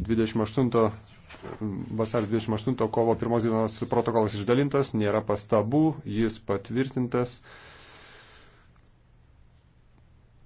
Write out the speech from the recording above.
28 vasario 28 kovo 1 dienos protokolas išdalintas, nėra pastabų, jis patvirtintas.